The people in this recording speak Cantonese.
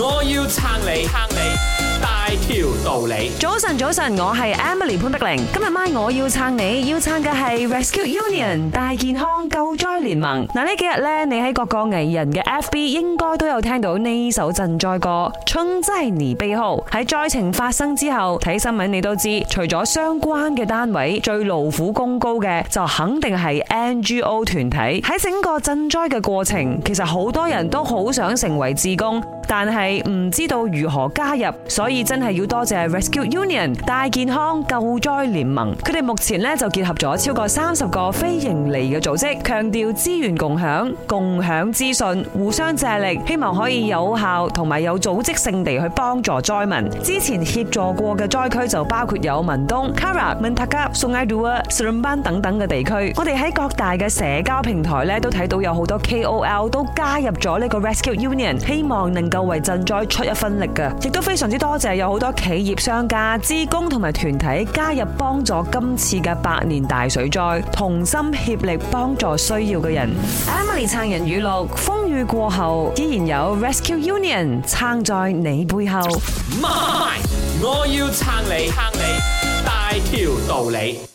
我要撐你撐你大條道理。早晨，早晨，我係 Emily 潘德玲。今日晚我要撐你，要撐嘅係 Rescue Union 大健康救災聯盟。嗱，呢幾日呢，你喺各個藝人嘅 FB 應該都有聽到呢首賑災歌《春之尼悲號》。喺災情發生之後，睇新聞你都知，除咗相關嘅單位，最勞苦功高嘅就肯定係 NGO 團體喺整個賑災嘅過程。其實好多人都好想成為志工。但係唔知道如何加入，所以真係要多謝 Rescue Union 大健康救災聯盟。佢哋目前咧就結合咗超過三十個非營利嘅組織，強調資源共享、共享資訊、互相借力，希望可以有效同埋有組織性地去幫助災民。之前協助過嘅災區就包括有文東、Kara、文塔加、宋埃杜阿、斯隆班等等嘅地區。我哋喺各大嘅社交平台咧都睇到有好多 KOL 都加入咗呢個 Rescue Union，希望能夠，為賑災出一分力嘅，亦都非常之多謝有好多企業、商家、職工同埋團體加入幫助今次嘅百年大水災，同心協力幫助需要嘅人。Emily 撐人語錄：風雨過後依然有 Rescue Union 撐在你背後。我要撐你，撐你，大條道理。